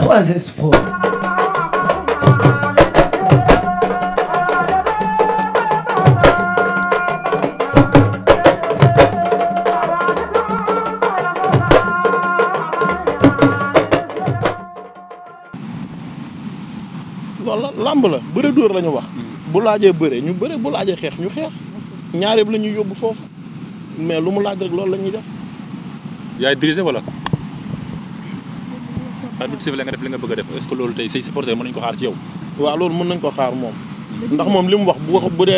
3S Pro. lamb la bëre dóor la ñu wax bu laajee bëree ñu bëre bu laajee xeex ñu xeex ñaari bi la ñuy yóbbu foofu mais lu mu laaj rek loolu la ñuy def yaay diriger wala arbitre sifflé nga def li nga bëgg a ko xaar moom ndax moom li mu wax bu li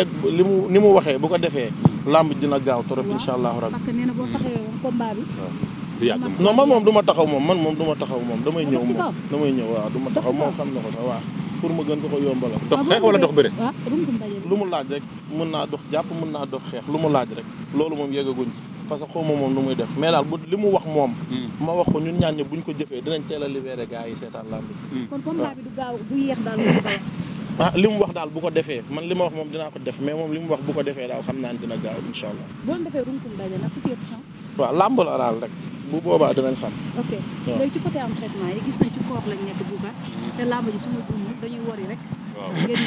ni mu waxee bu ko defee làmb dina gaaw trop insha allahu rabbi parce que nee na boo taxawee man moom du ma taxaw moom man moom du taxaw moom damay ñëw moom damay ñëw waaw du ma taxaw moom xam na ko sax waaw pour ma gën ko ko yombala dox ah, xeex wala dox bëre ah, lu mu laaj rek mën naa dox jàpp mën naa dox xeex lu mu laaj rek loolu moom yeggaguñ ci parce que xaw moom nu muy def mais daal bu li mu wax moom. Hmm. ma wax ko ñun ñaan bu buñ ko jëfee dinañ teel a libéré gars yi seetaan lamb bi. Hmm. kon combat bi du gaaw du yéex daal ah, li mu wax daal bu ko defee man li ma wax moom dinaa ko def mais moom li mu wax bu ko defee daal xam naa ne dina gaaw incha allah. boo defee runkum daje nag ku ci daal rek bu boobaa dinañ xam. ok léegi ci côté entraînement yi gis nañ ci koor lañ nekk bu baax. Hmm. te lamb ji suma dund dañuy wari rek. ngeen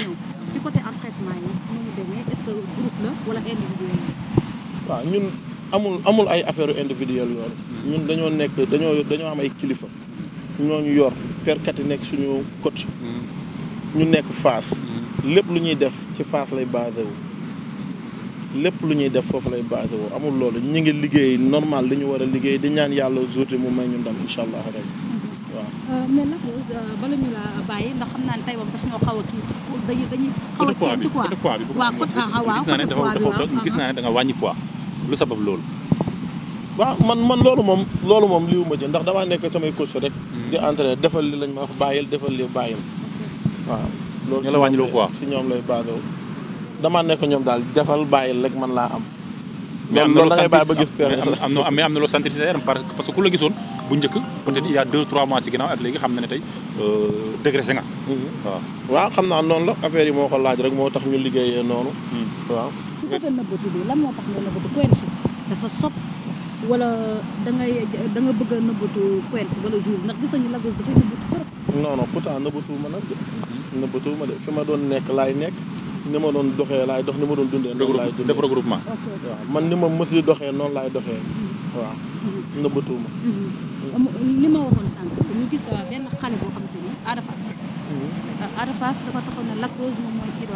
ñëw amul amul ay affaire individuelle yooyu ñun dañoo nekk dañoo dañoo am ay kilifa ñooñu yor perkat yi nekk suñu côté ñu nekk Fass lépp lu ñuy def ci faas lay basé wu lépp lu ñuy def foofu lay basé wu amul loolu ñu ngi liggéey normal li ñu war a liggéey di ñaan yàlla journée mu may ñu ndam incha allah rek waaw. Euh, mais nag euh, bala ñu la bàyyi ndax xam naa ne tey moom daf ñoo xaw a kii dañuy dañuy. xaw a kii quoi côté poids bi côté poids bi. waaw côté poids bi waaw gis naa ne dafa dafa gis naa ne da nga wàññi poids. lu sabab loolu. waaw man man loolu moom loolu moom liw ma ci ndax damaa nekk samay coach rek. Mm. di entraîné defal li lañ ma wax bàyyil defal li bàyyil waaw. loolu ñu la wàññiloo quoi ci ñoom lay baadoo damaa nekk ñoom daal defal bàyyil rek man laa am. mais am na loo sant ba gis am am na loo sant sa parce que ku la gisoon bu njëkk peut-être il y a 2 3 mois si ginnaaw ak xam na ne tey euh, dégraissé nga. Mm-hmm. waaw waaw xam naa noonu la affaire yi moo ko laaj rek moo tax ñu liggéeyee noonu. Mm. waaw. ki ko doon nëbbatu lii lan moo tax nga nëbbatu Quench dafa sob wala da ngay da nga bëgg a nëbbatu Quench wala jour ndax gis nañu Lagos dafay nëbbatu trop. non non pourtant nëbbatuwu ma nag de nëbbatuwu ma de fi ma doon nekk laay nekk ni ma doon doxee laay dox ni ma doon dundee. noonu laay dundee def regroupement. waaw man ni ma mës di doxee noonu laay doxee waaw mhm. nëbbatuwu ma. Mhm. li ma waxoon sànq ñu gis benn xale boo xamante ni Ada Fass dafa taxaw ne Lac Rose moom mooy mm-hmm.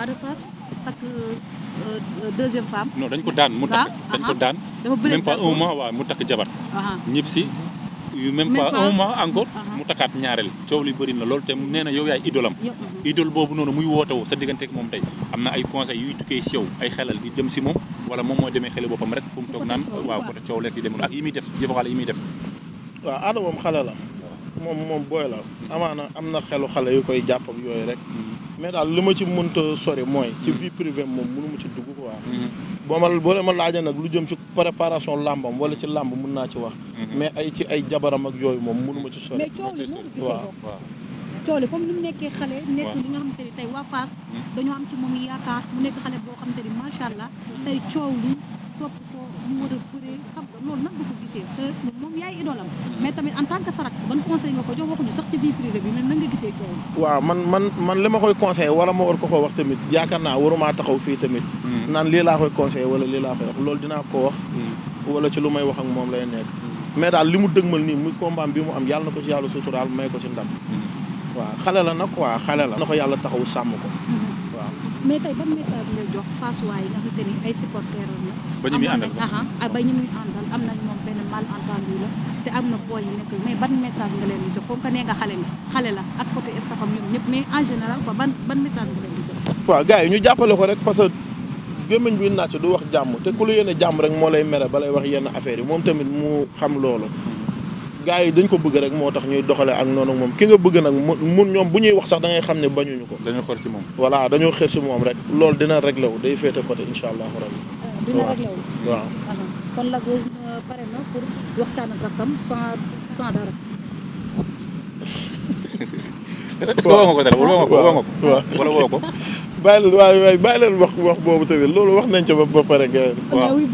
mm-hmm. takk euh, deuxième femme non dañ ko daan mu takk ah, dañ ah, ko daan ah. même pas un mois waaw mu takk jabar ñib yu même pas un mois encore uh-huh. mu takkaat ñaareel coow li bëri na loolu te nee na yow yaay idolam idole boobu noonu muy woote woo sa diggante ak moom tey am na ay conseils yuy tukkee si yow ay xelal di jëm si moom wala moom mooy demee xele boppam rek fu mu toog naan waaw côté coow lekk yi demoon ak yi muy def yëfaxaale yi muy def waaw aada moom xale la moom moom booy la amaana am na xelu xale yu koy jàpp ak yooyu rek mais daal li ma ci mënta sori mooy ci vie privée moom mënu ci dugg quoi boo ma ma laajee nag lu jëm ci préparation làmbam wala ci làmb mën naa ci wax mhm. mais ay ci ay jabaram ak yooyu moom mënu ci sori waaw coole comme ni mu nekkee xale nekk li nga xamante ni tey waa Fass mhm. am ci moom yaakaar mu nekk xale boo xamante ni macha allah mhm. tey coow li topp ko mu war a bëree xam nga loolu nan nga ko gisee te moom yaay idoolam mais tamit en tant que sarak ban conseil nga ko jox waxuñu sax ci vie privée bi mais nan gisee ko waaw man man man li ma koy conseillé wala ma war ko ko wax tamit yaakaar naa waruma taxaw fii tamit hmm. naan lii laa koy conseillé wala lii laa koy wax loolu dinaa ko wax hmm. wala ci lu may wax ak moom lay nekk hmm. mais daal li mu dëgmal nii muy combat bi mu am yàlla na ko ci yàlla suturaal may ko ci ndam waaw xale la nag waaw xale la na ko yàlla taxaw sàmm ko Ah, ba ñu muy àndal ba ñu am nañ moom benn malentendu la te am na booy yi nekk mais ban message nga leen di jox comme que nee nga xale nga xale la ak côté staff am ñoom ñëpp mais en général quoi ban ban message nga leen di jox yi ñu jàppale ko rek parce que gémmiñ bi nàcc du wax jàmm te ku la yéene jàmm moo lay mere ba lay wax yenn affaire yi moom tamit mu xam loolu gars yi dañ ko bëgg rek moo tax ñuy doxale ak noonu moom ki nga bëgg nag mun ñoom bu ñuy wax sax da ngay xam ne bañuñu ko. dañoo xër ci moom. voilà dañoo moom rek. loolu dina réglé wu day féete côté incha allahu rabbi dina réglé waaw kon wala woo euh, nga ko wax wax boobu tamit loolu wax nañ ca ba pare gars yi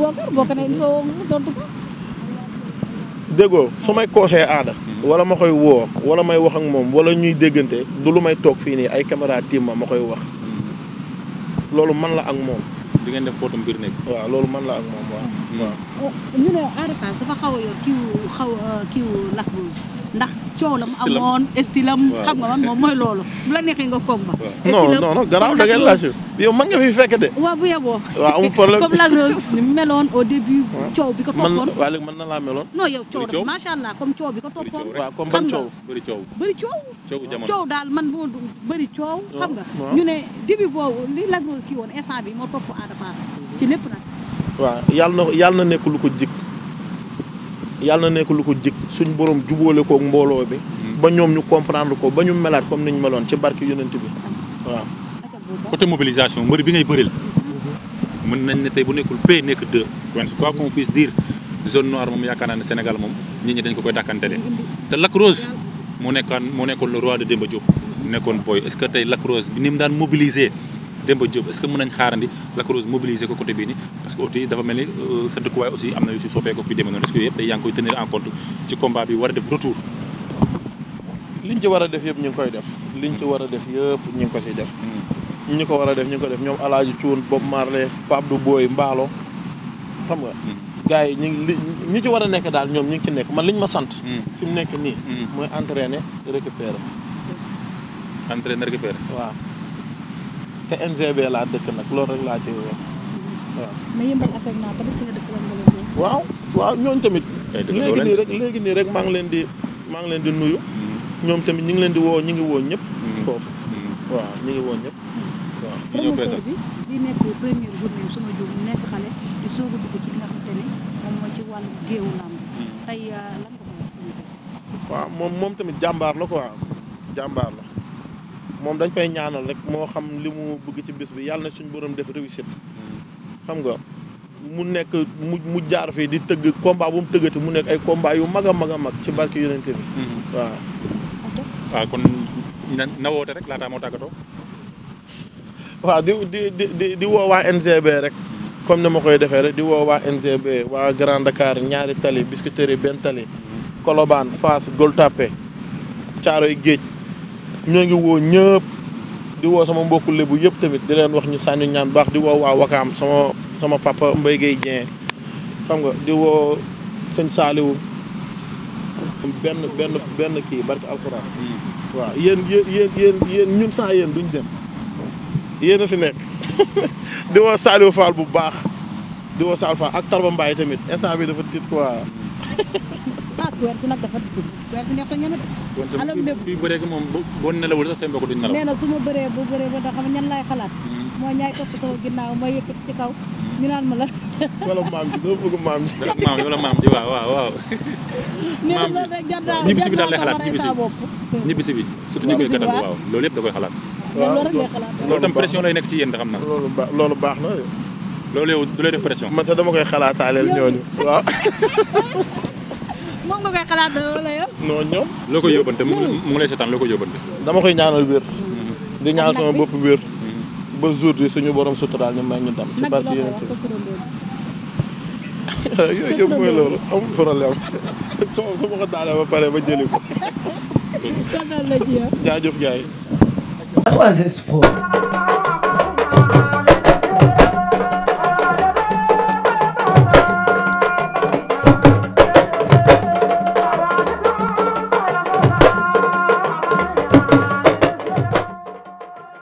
déggoo su may koosee aada hmm. wala ma koy woo wala may wax ak moom wala ñuy déggante du lu may toog fii nii ay caméra tiim ma ma koy wax hmm. loolu man la ak moom di ngeen def bootam biir nekk. waaw loolu man la ak moom waaw. Hmm. waaw oh, ñu ne Ada Fass dafa xaw a yor kiw xaw kiw Lac Rose ndax coow la mu amoon. estilam xam nga man moom mooy loolu. bu la neexee nga koog ma. estilam non non garaaw da ngeen yow man nga fi fekk de. waaw bu yeboo. waaw amul la rose meloon au début. coow bi ko toppoon man na laa meloon. non yow coow dafa macha allah comme coow bi ko toppoon. waaw comme ban coow bëri coow. bëri daal man boo bëri coow. xam nga ñu ne début boobu li la kii woon instant bi moo topp Ada Fass ci lépp nag. waaw yàlla na yàlla na nekk lu ko jik yàlla na nekk lu ko jik suñ borom jubóole koog mbooloo bi. Hmm. ba ñoom ñu comprendre ko ba ñu melaat kom ni meloon ci barke yonent bi waaw côté mobilisation mbër bi ngay bëril mën nañ ne tey bu nekkul P nekk 2 kon quoi qu'on puisse dire zone noire moom yaakaar naa ne Sénégal moom nit ñi dañ ko koy dàkkantele te Lac Rose moo nekkaan moo nekkoon le roi de Demba Diop nekkoon booy est ce que tey Lac Rose bi ni mu daan mobiliser Demba Diop est ce que mën nañ xaarandi Lac Rose mobiliser ko côté bii nii parce que aussi dafa mel ni euh, sa dëkkuwaay aussi am na yu si soppeeku fi demee noonu est ce ci war a def yëpp ñu ngi koy def liñ ci war a def yëpp ñu ko ciy def hmm. ñi ko war a def ñu ko def ñoom Alaaji Cuun Bob Marley Pape du Booy Mbaalo xam nga gars yi ñu ngi ñi ci war a nekk daal ñoom ñi ngi ci nekk man liñ ma sant mm. fi mu nekk nii mm. mooy entraîner récupérer entraîner récupérer waaw te NGB laa dëkk nag loolu rek laa ci wax waaw mais yëmbal tamit si léegi nii rek maa ngi leen di maa ngi leen di nuyu mm. ñoom tamit ñu ngi leen di woo ñu ngi woo ñëpp foofu waaw ñu ngi woo ñëpp ñu ñëw bi première journée suma jur nekk xale di soog a dugg ci nga xamante ne moom mooy ci wàllu géewu làmb hmm. euh, moom tamit jàmbaar la quoi jàmbaar la moom dañ koy ñaanal rek moo xam li mu bëgg ci bis bi yàlla na suñu borom def réussite hmm. xam nga mu nekk mu mu jaar fii di tëgg combat bu mu tëggati mu nekk ay combat yu mag a mag a mag ci barke yonente bi hmm. waaw waaw ah, kon na woote rek laataa moo tàggatoo waaw di di di di woo waa NGB rek comme ni ma koy defee rek di woo waa waa Grand Dakar ñaari tali Biscuiterie benn tali Colobane Fass Gueule Tapée yi Géej ñoo ngi woo ñëpp di woo sama mbokku lébu yëpp tamit di leen wax ñu sànni ñaan baax di woo waa Wakaam sama sama papa Mbaye Gueye Dieng xam nga di woo sëñ Saliou benn benn benn kii barke alxuraan hmm. waaw yéen yéen yéen yéen ñun saa yéen duñ dem yéen a fi nekk di woo Saliou bu baax di woo Saliou Fall ak Tarba tamit instant bi dafa tiit quoi. ah weer bi nag dafa weer bi nekk ñeme de. alam lépp kon sa bëree moom boo nelawul sax seen mbokk duñ nelaw. nee ma ñan laay xalaat. Mm. moo ñaay topp sama ginnaaw ma yëkkati ci kaw mm. ñu naan ma la. wala maam ji waaw waaw waaw. maam ji ñibbisi bi daal lay xalaat ñibbisi bi surtout ñu koy gàttal waaw loolu yëpp da koy xalaat. loolu tam pression lay nekk ci di xam na loolu baax loolu baax na loolu yow du lay def pression dama koy xalaataaleel ñooñu waaw moom nga koy xalaat wala ñoom loo koy yóbbante mu ngi lay dama koy ñaanal wér mm-hmm. di ñaanal sama mm-hmm. suñu borom suturaal ñu may ñu dam ci barke yeneen yooyu yëpp loolu amul problème su ma ko daanee ba pare ba jëli ko jaajëf gars 3S Pro